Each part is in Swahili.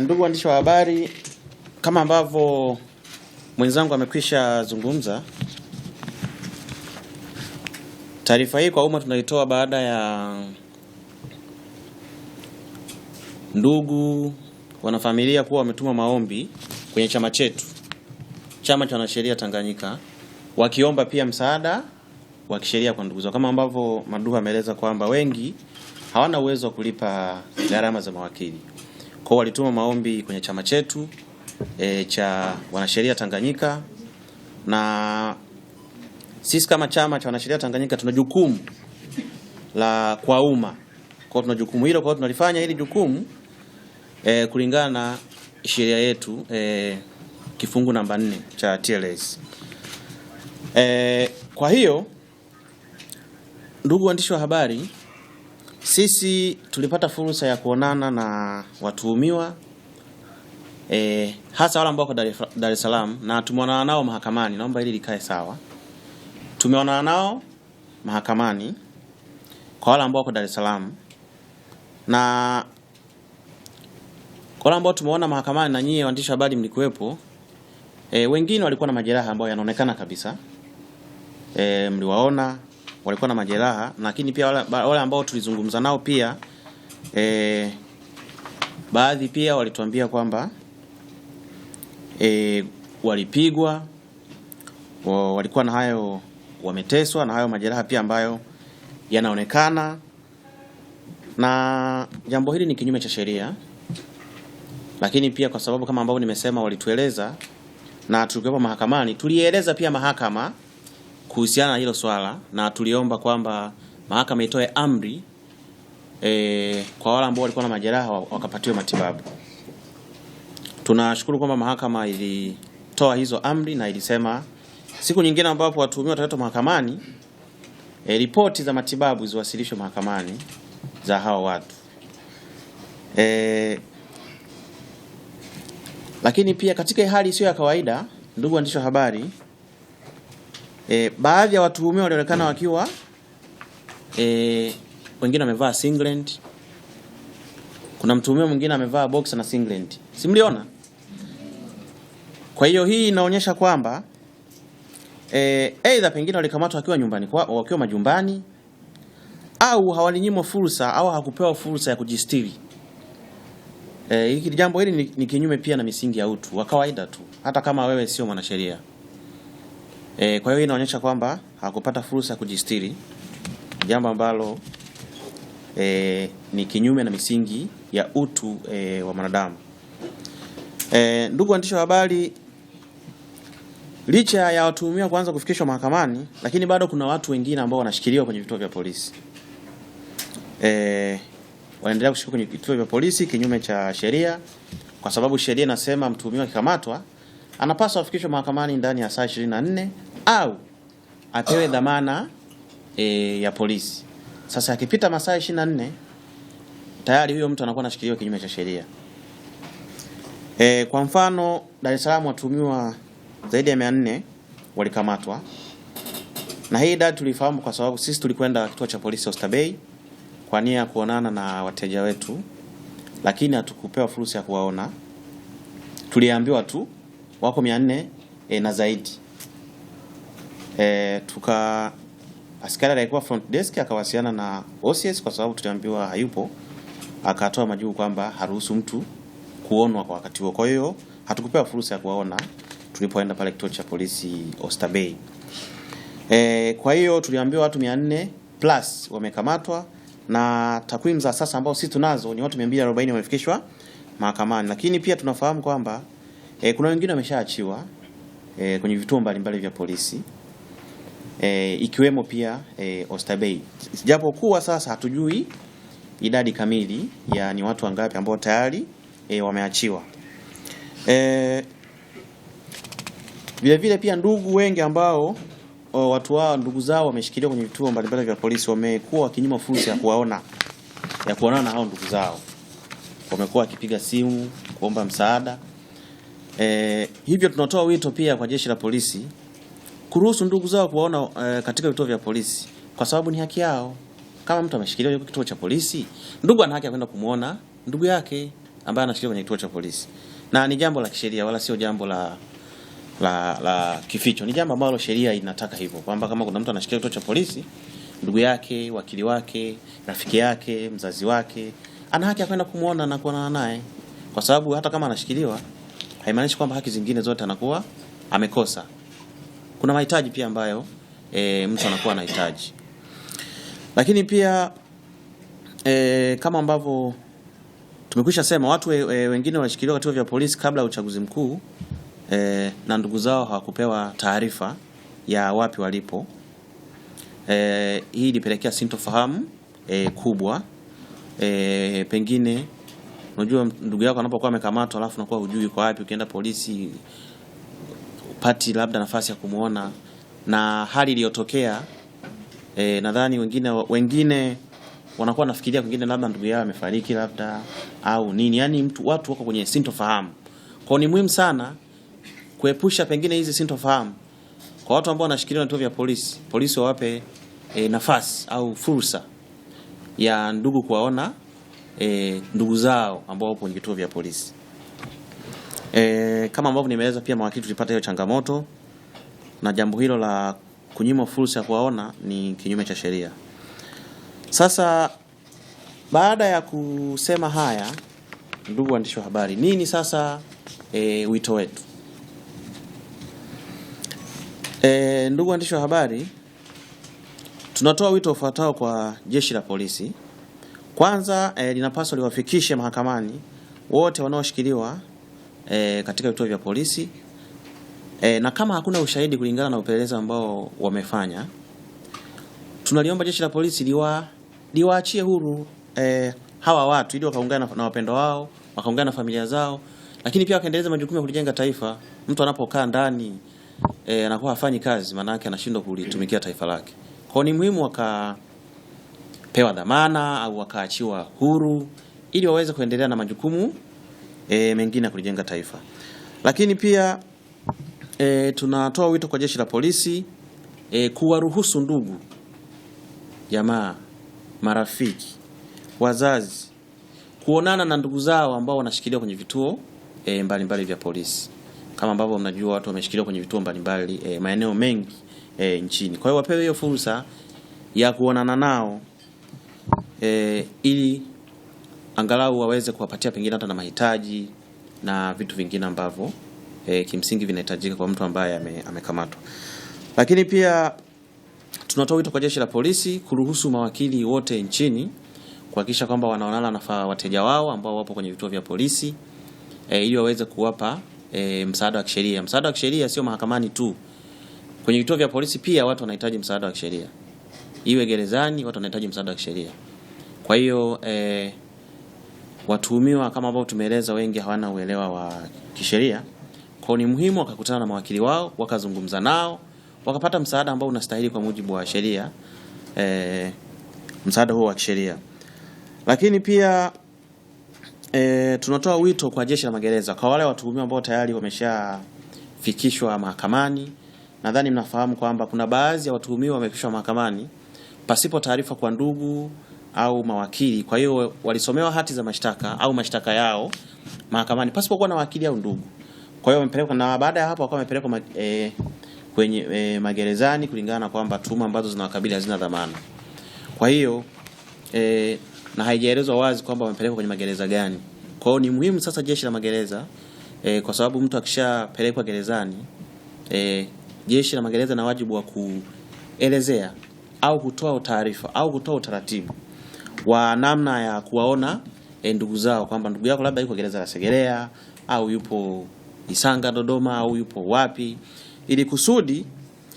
Ndugu waandishi wa habari, kama ambavyo mwenzangu amekwisha zungumza, taarifa hii kwa umma tunaitoa baada ya ndugu wanafamilia kuwa wametuma maombi kwenye chama chetu, chama cha wanasheria Tanganyika, wakiomba pia msaada wa kisheria kwa ndugu zao, kama ambavyo Maduha ameeleza kwamba wengi hawana uwezo wa kulipa gharama za mawakili. Kwa walituma maombi kwenye chama chetu e, cha wanasheria Tanganyika, na sisi kama chama cha wanasheria Tanganyika tuna jukumu la kwa umma. Kwa tuna jukumu hilo, kwa tunalifanya hili jukumu e, kulingana na sheria yetu e, kifungu namba nne cha TLS. E, kwa hiyo ndugu waandishi wa habari sisi tulipata fursa ya kuonana na watuhumiwa e, hasa wale ambao wako Dar es Salaam na tumeonana nao mahakamani. Naomba hili likae sawa. Tumeonana nao mahakamani kwa wale ambao wako Dar es Salaam na wale ambao tumeona mahakamani na nyie waandishi habari mlikuwepo. E, wengine walikuwa na majeraha ambayo yanaonekana kabisa. E, mliwaona walikuwa na majeraha, lakini pia wale, wale ambao tulizungumza nao pia e, baadhi pia walituambia kwamba e, walipigwa, walikuwa na hayo, wameteswa na hayo majeraha pia ambayo yanaonekana, na jambo hili ni kinyume cha sheria. Lakini pia kwa sababu kama ambavyo nimesema, walitueleza na tukiwepo mahakamani, tulieleza pia mahakama kuhusiana na hilo swala, na tuliomba kwamba mahakama itoe amri e, kwa wale ambao walikuwa na majeraha wakapatiwe matibabu. Tunashukuru kwamba mahakama ilitoa hizo amri na ilisema siku nyingine ambapo watuhumiwa wataletwa mahakamani e, ripoti za matibabu ziwasilishwe mahakamani za hao watu e, lakini pia katika hali isiyo ya kawaida, ndugu waandishi wa habari E, baadhi ya watuhumiwa walionekana wakiwa e, wengine wamevaa singlet. Kuna mtuhumiwa mwingine amevaa boxer na singlet. Simliona? Kwa hiyo hii inaonyesha kwamba e, aidha pengine walikamatwa wakiwa nyumbani kwa, wakiwa majumbani au hawalinyimwa fursa au hakupewa fursa ya kujistiri. E, hiki jambo hili ni, ni kinyume pia na misingi ya utu wa kawaida tu, hata kama wewe sio mwanasheria. E, kwa hiyo inaonyesha kwamba hakupata fursa ya kujistiri, jambo ambalo e, ni kinyume na misingi ya utu e, wa mwanadamu. E, ndugu waandishi wa habari, licha ya watuhumiwa kuanza kufikishwa mahakamani, lakini bado kuna watu wengine ambao wanashikiliwa kwenye vituo vya polisi e, wanaendelea kushikwa kwenye vituo vya polisi kinyume cha sheria, kwa sababu sheria inasema mtuhumiwa akikamatwa anapaswa afikishwe mahakamani ndani ya saa 24 au apewe dhamana e, ya polisi. Sasa akipita masaa 24 tayari huyo mtu anakuwa anashikiliwa kinyume cha sheria. E, kwa mfano Dar es Salaam watumiwa zaidi ya 400 walikamatwa, na hii data tulifahamu kwa sababu sisi tulikwenda kituo cha polisi Oysterbay kwa nia ya kuonana na wateja wetu, lakini hatukupewa fursa ya kuwaona. Tuliambiwa tu wako 400 e, na zaidi. E, tuka askari alikuwa front desk akawasiliana na OCS kwa sababu tuliambiwa hayupo, akatoa majibu kwamba haruhusu mtu kuonwa kwa wakati huo. Kwa hiyo hatukupewa fursa ya kuwaona tulipoenda pale kituo cha polisi Bay. E, kwa hiyo tuliambiwa watu 400 plus wamekamatwa na takwimu za sasa ambao sisi tunazo ni watu 240 wamefikishwa mahakamani, lakini pia tunafahamu kwamba e, kuna wengine wameshaachiwa e, kwenye vituo mbalimbali vya polisi e, ikiwemo pia e, eh, Oysterbay, kuwa sasa hatujui idadi kamili ya ni watu wangapi ambao tayari e, wameachiwa e, vilevile pia ndugu wengi ambao o, watu wao ndugu zao wameshikiliwa kwenye vituo mbalimbali vya polisi wamekuwa wakinyima fursa ya kuwaona ya kuonana na hao ndugu zao, wamekuwa wakipiga simu kuomba msaada e, hivyo tunatoa wito pia kwa jeshi la polisi kuruhusu ndugu zao kuwaona uh, katika vituo vya polisi kwa sababu ni haki yao. Kama mtu ameshikiliwa kwenye kituo cha polisi, ndugu ana haki ya kwenda kumuona ndugu yake ambaye anashikiliwa kwenye kituo cha polisi, na ni jambo la kisheria, wala sio jambo la la, la kificho. Ni jambo ambalo sheria inataka hivyo kwamba kama kuna mtu anashikilia kituo cha polisi, ndugu yake, wakili wake, rafiki yake, mzazi wake ana haki ya kwenda kumuona na kuonana naye, kwa sababu hata kama anashikiliwa haimaanishi kwamba haki zingine zote anakuwa amekosa kuna mahitaji pia ambayo e, mtu anakuwa anahitaji, lakini pia e, kama ambavyo tumekwisha sema watu e, wengine wanashikiliwa katika vya polisi kabla ya uchaguzi mkuu e, na ndugu zao hawakupewa taarifa ya wapi walipo. E, hii ilipelekea sintofahamu e, kubwa e, pengine unajua ndugu yako anapokuwa amekamatwa, alafu unakuwa hujui kwa wapi, ukienda polisi hawapati labda nafasi ya kumwona na hali iliyotokea e, nadhani wengine wengine wanakuwa nafikiria kwingine labda ndugu yao amefariki labda au nini, yani mtu watu wako kwenye sintofahamu. Kwa ni muhimu sana kuepusha pengine hizi sintofahamu kwa watu ambao wanashikiliwa vituo vya polisi. Polisi wawape e, nafasi au fursa ya ndugu kuwaona e, ndugu zao ambao wapo kwenye vituo vya polisi. E, kama ambavyo nimeeleza pia mawakili tulipata hiyo changamoto na jambo hilo la kunyima fursa ya kuwaona ni kinyume cha sheria. Sasa baada ya kusema haya, ndugu waandishi wa habari, nini sasa e, wito wetu? E, ndugu waandishi wa habari, tunatoa wito ufuatao kwa jeshi la polisi. Kwanza e, linapaswa liwafikishe mahakamani wote wanaoshikiliwa e, katika vituo vya polisi e, na kama hakuna ushahidi kulingana na upelelezi ambao wamefanya, tunaliomba jeshi la polisi liwa liwaachie huru e, hawa watu ili wakaungana na wapendo wao wakaungana na familia zao, lakini pia wakaendeleza majukumu ya kulijenga taifa. Mtu anapokaa ndani e, anakuwa hafanyi kazi, maana yake anashindwa kulitumikia taifa lake. Kwa ni muhimu wakapewa dhamana au wakaachiwa huru ili waweze kuendelea na majukumu e, mengine ya kulijenga taifa. Lakini pia e, tunatoa wito kwa jeshi la polisi e, kuwaruhusu ndugu, jamaa, marafiki, wazazi kuonana na ndugu zao ambao wanashikiliwa kwenye vituo e, mbalimbali vya polisi kama ambavyo mnajua watu wameshikiliwa kwenye vituo mbalimbali e, maeneo mengi e, nchini. Kwa hiyo wapewe hiyo fursa ya kuonana nao e, ili angalau waweze kuwapatia pengine hata na mahitaji na vitu vingine ambavyo e, kimsingi vinahitajika kwa mtu ambaye ame, amekamatwa. Lakini pia tunatoa wito kwa jeshi la polisi kuruhusu mawakili wote nchini kuhakikisha kwamba wanaonana na wateja wao ambao wapo kwenye vituo vya polisi e, ili waweze kuwapa e, msaada wa kisheria. Msaada wa kisheria sio mahakamani tu, kwenye vituo vya polisi pia watu wanahitaji msaada wa kisheria, iwe gerezani, watu wanahitaji msaada wa kisheria. Kwa hiyo eh, Watuhumiwa kama ambavyo tumeeleza, wengi hawana uelewa wa kisheria, kwao ni muhimu wakakutana na mawakili wao, wakazungumza nao, wakapata msaada ambao unastahili kwa mujibu wa sheria e, msaada huo wa kisheria. Lakini pia e, tunatoa wito kwa jeshi la magereza kwa wale watuhumiwa ambao tayari wameshafikishwa mahakamani. Nadhani mnafahamu kwamba kuna baadhi ya watuhumiwa wamefikishwa mahakamani pasipo taarifa kwa ndugu au mawakili. Kwa hiyo walisomewa hati za mashtaka au mashtaka yao mahakamani pasipokuwa na wakili au ndugu. Kwa hiyo wamepelekwa, na baada ya hapo wakawa wamepelekwa e, kwenye e, magerezani kulingana na kwamba tuhuma ambazo zinawakabili hazina dhamana. Kwa hiyo e, na haijaelezwa wazi kwamba wamepelekwa kwenye magereza gani. Kwa hiyo ni muhimu sasa jeshi la magereza e, kwa sababu mtu akishapelekwa gerezani e, jeshi la magereza na wajibu wa kuelezea au kutoa taarifa au kutoa utaratibu wa namna ya kuwaona e, ndugu zao kwamba ndugu yako labda yuko gereza la Segerea au yupo Isanga Dodoma au yupo wapi, ili kusudi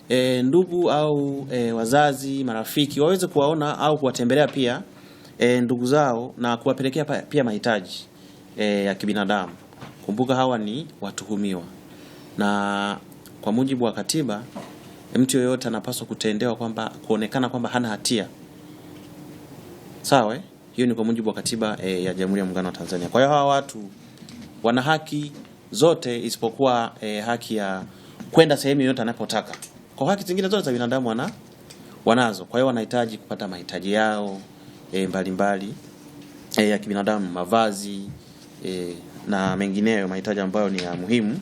e, ndugu au e, wazazi, marafiki waweze kuwaona au kuwatembelea pia e, ndugu zao na kuwapelekea pia mahitaji e, ya kibinadamu. Kumbuka hawa ni watuhumiwa, na kwa mujibu wa katiba mtu yoyote anapaswa kutendewa kwamba kuonekana kwamba hana hatia. Sawa, eh? hiyo ni kwa mujibu wa katiba e, ya Jamhuri ya Muungano wa Tanzania. Kwa hiyo hawa watu wana haki zote isipokuwa e, haki ya kwenda sehemu yoyote anapotaka. Kwa haki zingine zote za binadamu wana wanazo. Kwa hiyo wanahitaji kupata mahitaji yao mbalimbali e, ya kibinadamu, mavazi e, na mengineyo mahitaji ambayo ni ya muhimu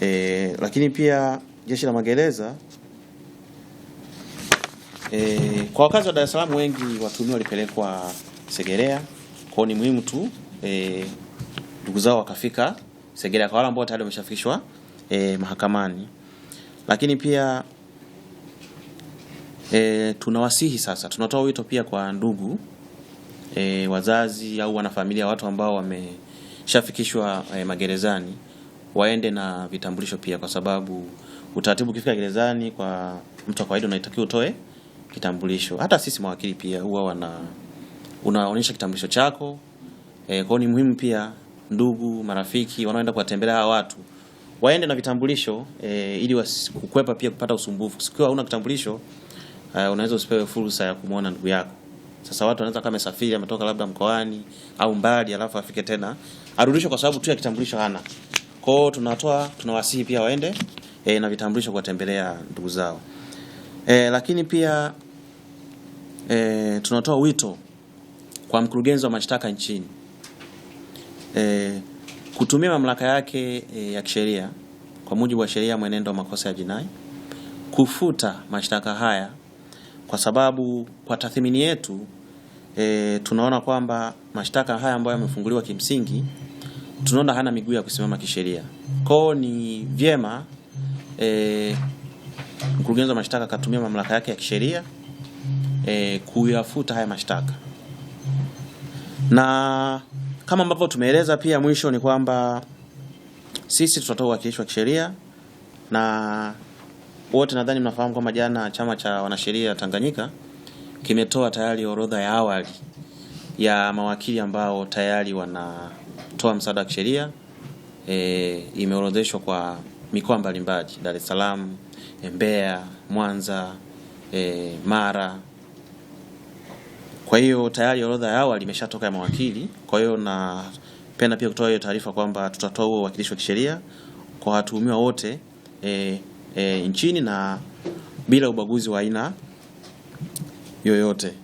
e, lakini pia jeshi la magereza E, kwa wakazi wa Dar es Salaam wengi watumia walipelekwa Segerea, kwao ni muhimu tu eh, ndugu zao wakafika Segerea, kwa wale ambao tayari wameshafikishwa e, mahakamani. Lakini pia e, tunawasihi sasa, tunatoa wito pia kwa ndugu e, wazazi au wanafamilia, watu ambao wameshafikishwa e, magerezani waende na vitambulisho pia, kwa sababu utaratibu ukifika gerezani kwa mtu wa kawaida unaitakiwa utoe kitambulisho. Hata sisi mawakili pia huwa wana unaonyesha kitambulisho chako e, eh, kwao ni muhimu pia ndugu marafiki wanaoenda kuwatembelea hawa watu waende na vitambulisho e, ili wasikukwepa pia kupata usumbufu. Sikiwa una kitambulisho e, unaweza usipewe fursa ya kumuona ndugu yako. Sasa watu wanaweza kama amesafiri ametoka labda mkoani au mbali, alafu afike tena arudishwe kwa sababu tu ya kitambulisho hana. Kwao tunatoa tunawasihi pia waende e, na vitambulisho kuwatembelea ndugu zao e, lakini pia e, tunatoa wito kwa mkurugenzi wa mashtaka nchini e, kutumia mamlaka yake e, ya kisheria kwa mujibu wa sheria mwenendo wa makosa ya jinai kufuta mashtaka haya kwa sababu kwa tathmini yetu e, tunaona kwamba mashtaka haya ambayo yamefunguliwa kimsingi tunaona hana miguu ya kusimama kisheria. Kwao ni vyema e, mkurugenzi wa mashtaka akatumia mamlaka yake ya kisheria e, kuyafuta haya mashtaka. Na kama ambavyo tumeeleza pia, mwisho ni kwamba sisi tutatoa uwakilishi wa kisheria na wote nadhani mnafahamu kwamba jana chama cha wanasheria Tanganyika kimetoa tayari orodha ya awali ya mawakili ambao tayari wanatoa msaada wa kisheria e, imeorodheshwa kwa mikoa mbalimbali: Dar es Salaam, Mbeya, Mwanza, e, Mara kwa hiyo tayari orodha ya awali imeshatoka ya mawakili. Kwa hiyo napenda pia kutoa hiyo taarifa kwamba tutatoa huo uwakilishi wa kisheria kwa watuhumiwa wote e, e, nchini na bila ubaguzi wa aina yoyote.